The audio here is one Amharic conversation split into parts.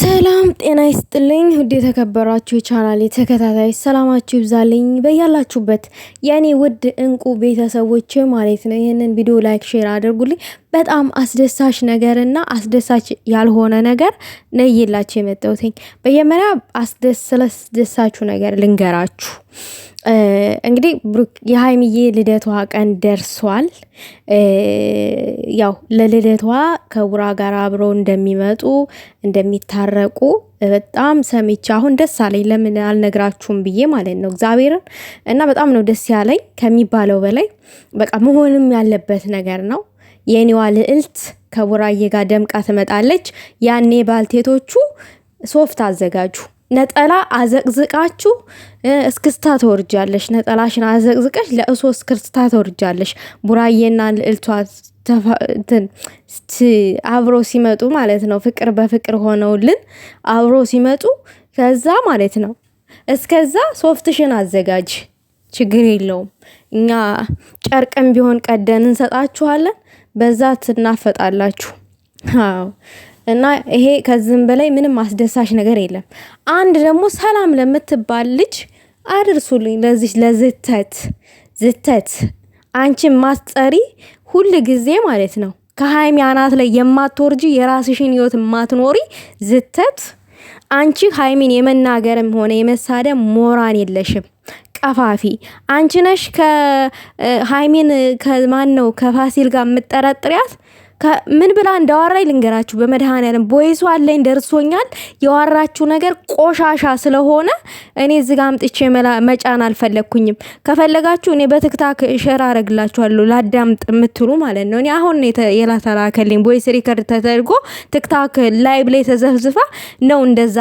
se ሰላም ጤና ይስጥልኝ። ውድ የተከበራችሁ የቻናል የተከታታይ ሰላማችሁ ይብዛልኝ በያላችሁበት የእኔ ውድ እንቁ ቤተሰቦች ማለት ነው። ይህንን ቪዲዮ ላይክ፣ ሼር አድርጉልኝ። በጣም አስደሳች ነገር እና አስደሳች ያልሆነ ነገር ነይላችሁ የመጣሁትኝ። በየመሪያ ስለአስደሳችሁ ነገር ልንገራችሁ። እንግዲህ ብሩክ የሀይሚዬ ልደቷ ቀን ደርሷል። ያው ለልደቷ ከቡራ ጋር አብረው እንደሚመጡ እንደሚታረ ሲመረቁ በጣም ሰሜች አሁን ደስ አለኝ። ለምን አልነግራችሁም ብዬ ማለት ነው እግዚአብሔርን እና በጣም ነው ደስ ያለኝ ከሚባለው በላይ በቃ መሆንም ያለበት ነገር ነው። የኔዋ ልዕልት ከቡራዬ ጋር ደምቃ ትመጣለች። ያኔ ባልቴቶቹ ሶፍት አዘጋጁ፣ ነጠላ አዘቅዝቃችሁ እስክስታ ተወርጃለሽ። ነጠላሽን አዘቅዝቀሽ ለእሶ እስክስታ ተወርጃለሽ። ቡራዬና ልዕልቷ አብሮ ሲመጡ ማለት ነው። ፍቅር በፍቅር ሆነውልን አብሮ ሲመጡ ከዛ ማለት ነው። እስከዛ ሶፍትሽን አዘጋጅ፣ ችግር የለውም እኛ ጨርቅም ቢሆን ቀደን እንሰጣችኋለን። በዛ ትናፈጣላችሁ። አዎ እና ይሄ ከዚህም በላይ ምንም አስደሳች ነገር የለም። አንድ ደግሞ ሰላም ለምትባል ልጅ አድርሱልኝ። ለዚህ ለዝተት ዝተት አንቺን ማስጠሪ ሁል ጊዜ ማለት ነው ከሀይሚ አናት ላይ የማትወርጂ የራስሽን ህይወት የማትኖሪ ዝተት አንቺ ሀይሚን የመናገርም ሆነ የመሳደብ ሞራን የለሽም። ቀፋፊ አንቺ ነሽ። ከሀይሚን ከማን ነው ከፋሲል ጋር የምጠረጥሪያት ምን ብላ እንዳዋራኝ ልንገራችሁ። በመድኃኔዓለም ቦይሱ አለኝ ደርሶኛል። የዋራችሁ ነገር ቆሻሻ ስለሆነ እኔ እዚህ ጋር አምጥቼ መጫን አልፈለግኩኝም። ከፈለጋችሁ እኔ በትክታክ ሸር አረግላችኋለሁ ላዳምጥ የምትሉ ማለት ነው። እኔ አሁን የላተላከልኝ ቦይስ ሪከርድ ተደርጎ ትክታክ ላይብ ላይ ተዘፍዝፋ ነው እንደዛ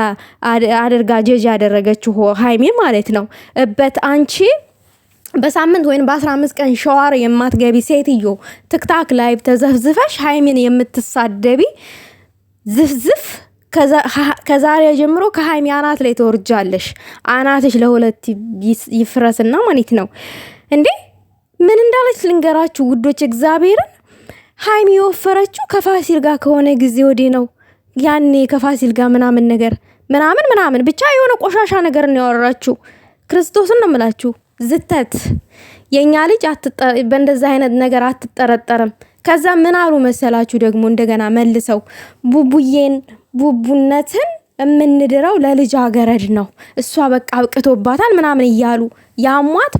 አድርጋ ጀጅ ያደረገችው ሀይሚ ማለት ነው እበት አንቺ በሳምንት ወይም በአስራ አምስት ቀን ሸዋር የማትገቢ ሴትዮ ትክታክ ላይ ተዘፍዝፈሽ ሀይሚን የምትሳደቢ ዝፍዝፍ ከዛሬ ጀምሮ ከሀይሚ አናት ላይ ተወርጃለሽ። አናትሽ ለሁለት ይፍረስና ማለት ነው እንዴ! ምን እንዳለች ልንገራችሁ ውዶች፣ እግዚአብሔርን ሀይሚ የወፈረችው ከፋሲል ጋር ከሆነ ጊዜ ወዲህ ነው። ያኔ ከፋሲል ጋር ምናምን ነገር ምናምን ምናምን ብቻ የሆነ ቆሻሻ ነገር ነው ያወራችሁ። ክርስቶስን ነው ምላችሁ። ዝተት የእኛ ልጅ በእንደዛ አይነት ነገር አትጠረጠርም። ከዛ ምን አሉ መሰላችሁ ደግሞ እንደገና መልሰው ቡቡዬን ቡቡነትን የምንድረው ለልጅ አገረድ ነው፣ እሷ በቃ አብቅቶባታል ምናምን እያሉ ያሟት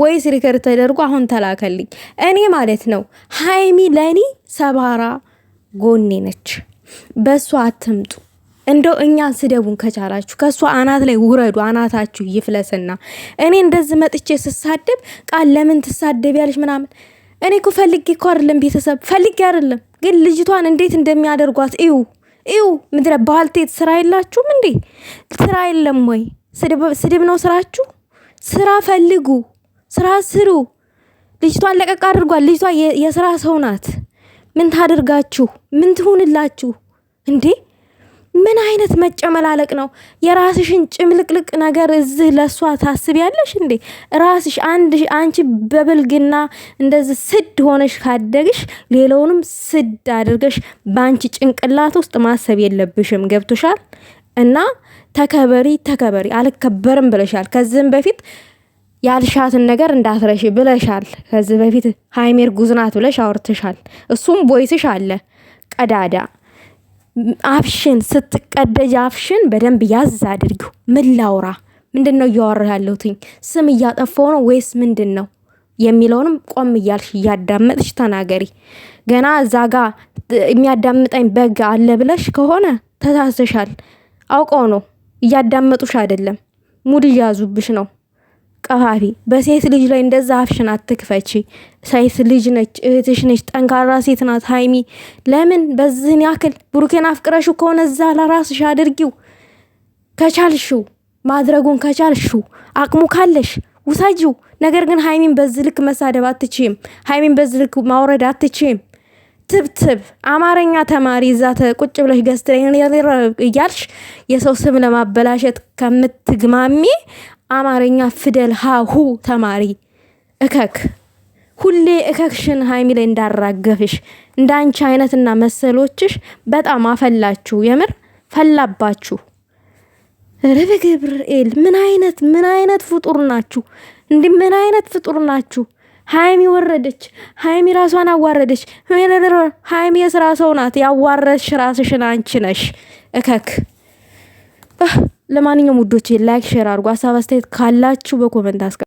ቦይስ ሪከርድ ተደርጎ አሁን ተላከልኝ። እኔ ማለት ነው ሀይሚ ለእኔ ሰባራ ጎኔ ነች። በእሷ አትምጡ። እንደው እኛን ስደቡን ከቻላችሁ ከእሷ አናት ላይ ውረዱ፣ አናታችሁ ይፍለስና። እኔ እንደዚህ መጥቼ ስሳደብ ቃል ለምን ትሳደብ ያለች ምናምን እኔ እኮ ፈልጌ እኮ አይደለም ቤተሰብ ፈልጌ አይደለም፣ ግን ልጅቷን እንዴት እንደሚያደርጓት እዩ እዩ። ምድረ ባልቴት ስራ የላችሁም እንዴ? ስራ የለም ወይ? ስድብ ነው ስራችሁ። ስራ ፈልጉ፣ ስራ ስሩ። ልጅቷን ለቀቅ አድርጓል። ልጅቷ የስራ ሰው ናት። ምን ታደርጋችሁ? ምን ትሁንላችሁ እንዴ? ምን አይነት መጨመላለቅ ነው? የራስሽን ጭምልቅልቅ ነገር እዚህ ለእሷ ታስቢያለሽ እንዴ? ራስሽ አንቺ በብልግና እንደዚህ ስድ ሆነሽ ካደግሽ ሌላውንም ስድ አድርገሽ በአንቺ ጭንቅላት ውስጥ ማሰብ የለብሽም። ገብቶሻል? እና ተከበሪ ተከበሪ። አልከበርም ብለሻል። ከዚህም በፊት ያልሻትን ነገር እንዳትረሽ ብለሻል። ከዚህ በፊት ሀይሜር ጉዝናት ብለሽ አውርትሻል። እሱም ቦይስሽ አለ ቀዳዳ አፍሽን ስትቀደጅ አፍሽን በደንብ ያዝ አድርጊው። ምን ላውራ? ምንድን ነው እያወራ ያለሁትኝ? ስም እያጠፋው ነው ወይስ ምንድን ነው የሚለውንም ቆም እያልሽ እያዳመጥሽ ተናገሪ። ገና እዛ ጋ የሚያዳምጠኝ በግ አለ ብለሽ ከሆነ ተሳስተሻል። አውቀው ነው እያዳመጡሽ አይደለም፣ ሙድ እያዙብሽ ነው። ቀፋፊ በሴት ልጅ ላይ እንደዛ አፍሽን አትክፈች። ሴት ልጅ ነች፣ እህትሽ ነች፣ ጠንካራ ሴት ናት ሀይሚ። ለምን በዝህን ያክል ብሩኬን አፍቅረሹ ከሆነ እዛ ለራስሽ አድርጊው ከቻልሹ ማድረጉን ከቻልሹ አቅሙ ካለሽ ውሰጂው። ነገር ግን ሀይሚን በዚህ ልክ መሳደብ አትችም። ሀይሚን በዚህ ልክ ማውረድ አትችም። ትብትብ አማርኛ ተማሪ እዛ ተቁጭ ብለሽ ገዝት እያልሽ የሰው ስም ለማበላሸት ከምትግማሚ አማርኛ ፊደል ሀሁ ተማሪ እከክ ሁሌ እከክሽን ሀይሚ ላይ እንዳራገፍሽ እንዳንቺ አይነትና መሰሎችሽ በጣም አፈላችሁ። የምር ፈላባችሁ። ርብ ግብርኤል ምን አይነት ምን አይነት ፍጡር ናችሁ? እንዲ ምን አይነት ፍጡር ናችሁ? ሀይሚ ወረደች። ሀይሚ ራሷን አዋረደች። ሀይሚ የስራ ሰው ናት። ያዋረድሽ ራስሽን አንቺ ነሽ። እከክ ለማንኛውም ውዶቼ ላይክ፣ ሼር አድርጎ ሀሳብ አስተያየት ካላችሁ በኮመንት አስቀ